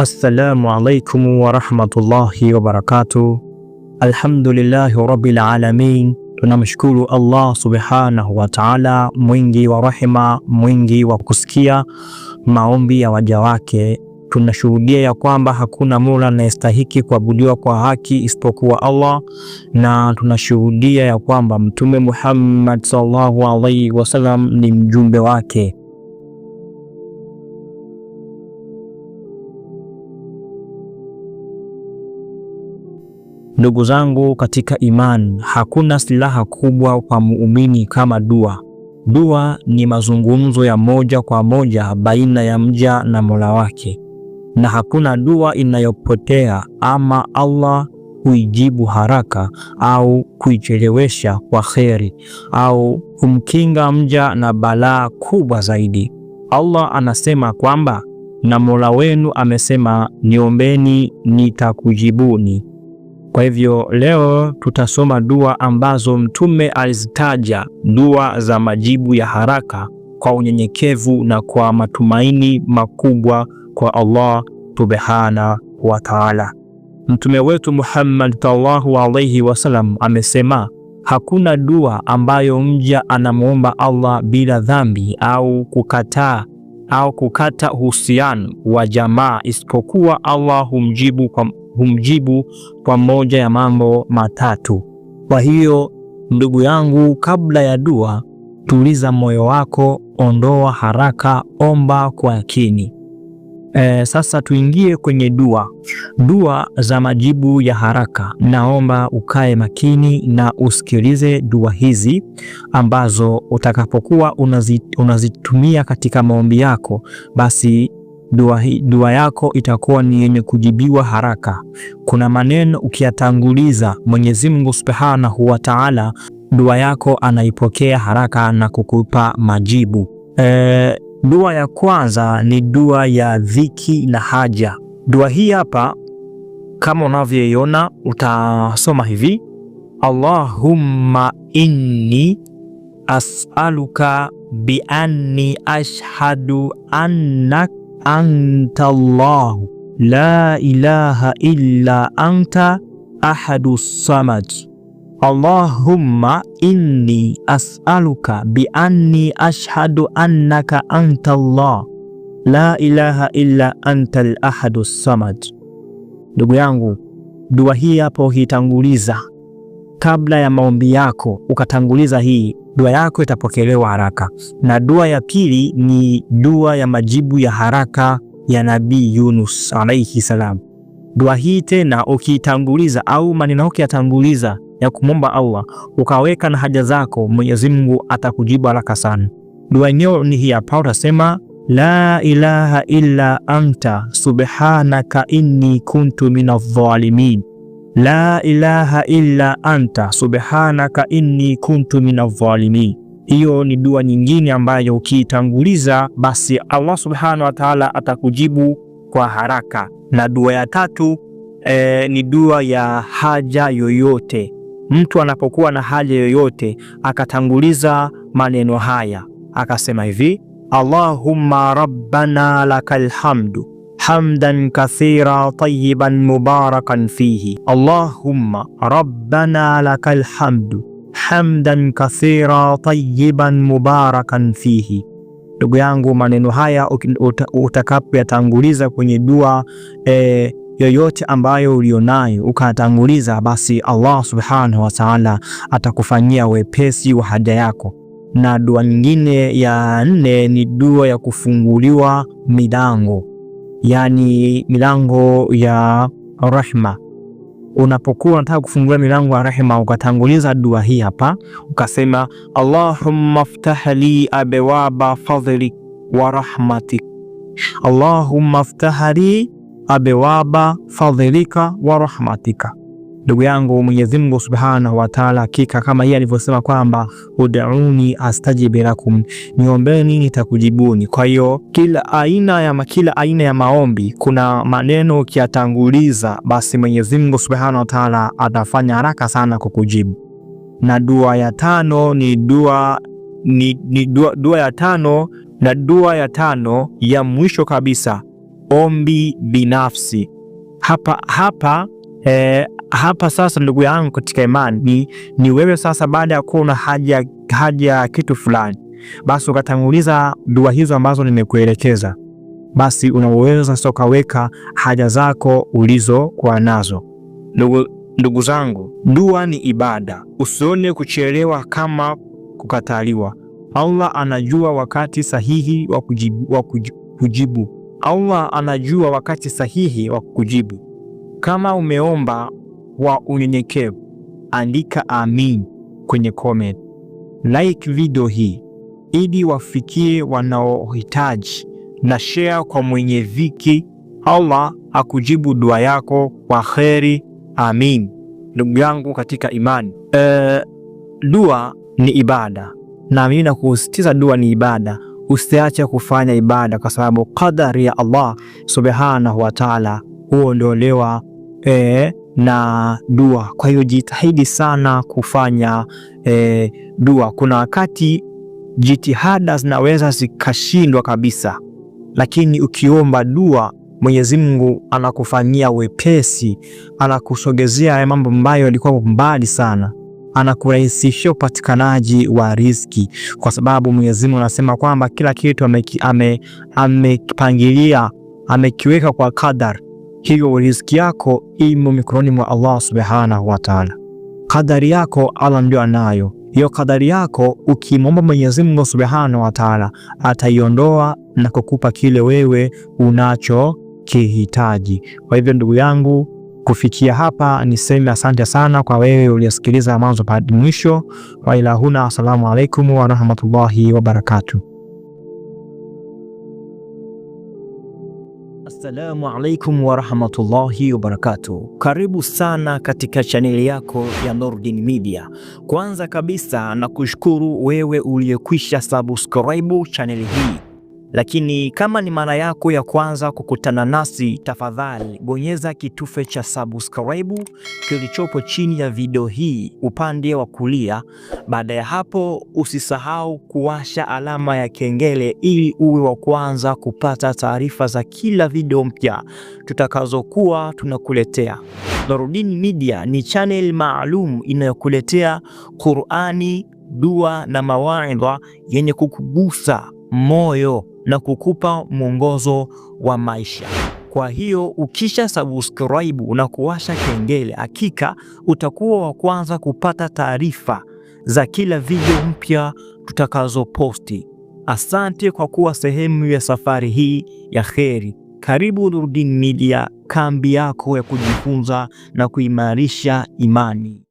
Assalamu alaikum warahmatullahi wabarakatuh. Alhamdulillahi rabbil alamin, tunamshukuru Allah subhanahu wa ta'ala, mwingi wa rahima mwingi wa kusikia maombi ya waja wake. Tunashuhudia ya kwamba hakuna mola anayestahiki kuabudiwa kwa haki isipokuwa Allah, na tunashuhudia ya kwamba Mtume Muhammad sallallahu alaihi wasallam ni mjumbe wake Ndugu zangu katika iman, hakuna silaha kubwa kwa muumini kama dua. Dua ni mazungumzo ya moja kwa moja baina ya mja na Mola wake, na hakuna dua inayopotea ama Allah kuijibu haraka au kuichelewesha kwa kheri au kumkinga mja na balaa kubwa zaidi. Allah anasema kwamba, na Mola wenu amesema, niombeni nitakujibuni. Kwa hivyo leo tutasoma dua ambazo Mtume alizitaja, dua za majibu ya haraka kwa unyenyekevu na kwa matumaini makubwa kwa Allah subhana wa taala. Mtume wetu Muhammad sallallahu alayhi wasallam amesema, hakuna dua ambayo mja anamwomba Allah bila dhambi au kukataa au kukata uhusiano wa jamaa isipokuwa Allah humjibu kwa humjibu kwa moja ya mambo matatu. Kwa hiyo ndugu yangu, kabla ya dua, tuliza moyo wako, ondoa haraka, omba kwa yakini. E, sasa tuingie kwenye dua, dua za majibu ya haraka. Naomba ukae makini na usikilize dua hizi ambazo utakapokuwa unazitumia katika maombi yako, basi dua, dua yako itakuwa ni yenye kujibiwa haraka. Kuna maneno ukiyatanguliza Mwenyezi Mungu Subhanahu wa Ta'ala, dua yako anaipokea haraka na kukupa majibu. E, dua ya kwanza ni dua ya dhiki na haja. Dua hii hapa kama unavyoiona utasoma hivi: Allahumma inni as'aluka bi anni ashhadu annak anta Allah la ilaha illa anta ahadu samad Allahumma inni as'aluka bi anni ashhadu annaka anta Allah la ilaha illa anta al-ahadu samad. Ndugu yangu, dua hii hapo hitanguliza kabla ya maombi yako, ukatanguliza hii dua yako itapokelewa haraka. Na dua ya pili ni dua ya majibu ya haraka ya Nabii Yunus alaihi salam. Dua hii tena ukiitanguliza au maneno yako yatanguliza ya kumwomba Allah ukaweka na haja zako, Mwenyezi Mungu atakujibu haraka sana. Dua yenyewe ni hii hapa, utasema la ilaha illa anta subhanaka inni kuntu minadh-dhalimin la ilaha illa anta subhanaka inni kuntu minadh-dhalimin. Hiyo ni dua nyingine ambayo ukiitanguliza basi Allah subhanahu wa ta'ala atakujibu kwa haraka. Na dua ya tatu e, ni dua ya haja yoyote. Mtu anapokuwa na haja yoyote akatanguliza maneno haya akasema hivi, Allahumma rabbana lakal hamdu hamdan kathira tayyiban mubarakan fihi Allahumma rabbana lakal hamdu hamdan kathira tayyiban mubarakan fihi. Ndugu yangu, maneno haya utakapoyatanguliza kwenye dua e, yoyote ambayo ulionayo ukatanguliza, basi Allah subhanahu wa ta'ala atakufanyia wepesi wa haja yako. Na dua nyingine ya nne ni dua ya kufunguliwa milango yaani milango ya rehma. Unapokuwa unataka kufungua milango ya rahma, ukatanguliza dua hii hapa, ukasema Allahumma ftah li abwaba fadli wa rahmatik, Allahumma ftah li abwaba fadlika wa rahmatika Ndugu yangu, Mwenyezi Mungu Subhanahu wa Ta'ala, hakika kama yeye alivyosema kwamba ud'uni astajib lakum, niombeni nitakujibuni. Kwa hiyo kila aina ya kila aina ya maombi kuna maneno ukiyatanguliza, basi Mwenyezi Mungu Subhanahu wa Ta'ala atafanya haraka sana kukujibu. Na dua ya tano ni dua ni, ni dua, dua ya tano na dua ya tano ya mwisho kabisa, ombi binafsi. Hapa hapa E, hapa sasa ndugu yangu katika imani ni, ni wewe sasa, baada ya kuwa una haja ya kitu fulani, basi ukatanguliza dua hizo ambazo nimekuelekeza, basi unaweza sasa ukaweka haja zako ulizokuwa nazo. Ndugu, ndugu zangu, dua ni ibada. Usione kuchelewa kama kukataliwa. Allah anajua wakati sahihi wa kujibu, wa kujibu. Allah anajua wakati sahihi wa kujibu kama umeomba kwa unyenyekevu, andika amin kwenye comment. Like video hii ili wafikie wanaohitaji na share kwa mwenye dhiki. Allah akujibu dua yako kwa kheri, amin. Ndugu yangu katika imani e, eh, dua ni ibada, na mimi nakusisitiza dua ni ibada. Usiache kufanya ibada, kwa sababu kadari ya Allah subhanahu wa taala huondolewa e, na dua. Kwa hiyo jitahidi sana kufanya e, dua. Kuna wakati jitihada zinaweza zikashindwa kabisa, lakini ukiomba dua Mwenyezi Mungu anakufanyia wepesi, anakusogezea ya mambo ambayo yalikuwa mbali sana, anakurahisishia upatikanaji wa riziki, kwa sababu Mwenyezi Mungu anasema kwamba kila kitu amekipangilia, ame, amekiweka kwa kadari hiyo riziki yako imo mikononi mwa Allah subhanahu wa taala. Kadari yako Allah ndio anayo hiyo kadari yako. Ukimwomba Mwenyezi Mungu subhanahu wa taala, ataiondoa na kukupa kile wewe unachokihitaji. Kwa hivyo, ndugu yangu, kufikia hapa niseme asante sana kwa wewe uliyesikiliza mwanzo hadi mwisho. Wailahuna, assalamu alaikum warahmatullahi wabarakatuh. Assalamu alaikum warahmatullahi wabarakatu Karibu sana katika chaneli yako ya Nurdin Media. Kwanza kabisa na kushukuru wewe uliyekwisha subscribe chaneli hii lakini kama ni mara yako ya kwanza kukutana nasi, tafadhali bonyeza kitufe cha subscribe kilichopo chini ya video hii upande wa kulia. Baada ya hapo, usisahau kuwasha alama ya kengele ili uwe wa kwanza kupata taarifa za kila video mpya tutakazokuwa tunakuletea. Nurdin Media ni channel maalum inayokuletea Qur'ani, dua na mawaidha yenye kukugusa moyo na kukupa mwongozo wa maisha. Kwa hiyo ukisha subscribe na kuwasha kengele, hakika utakuwa wa kwanza kupata taarifa za kila video mpya tutakazoposti. Asante kwa kuwa sehemu ya safari hii ya kheri. Karibu Nurdin Media, kambi yako ya kujifunza na kuimarisha imani.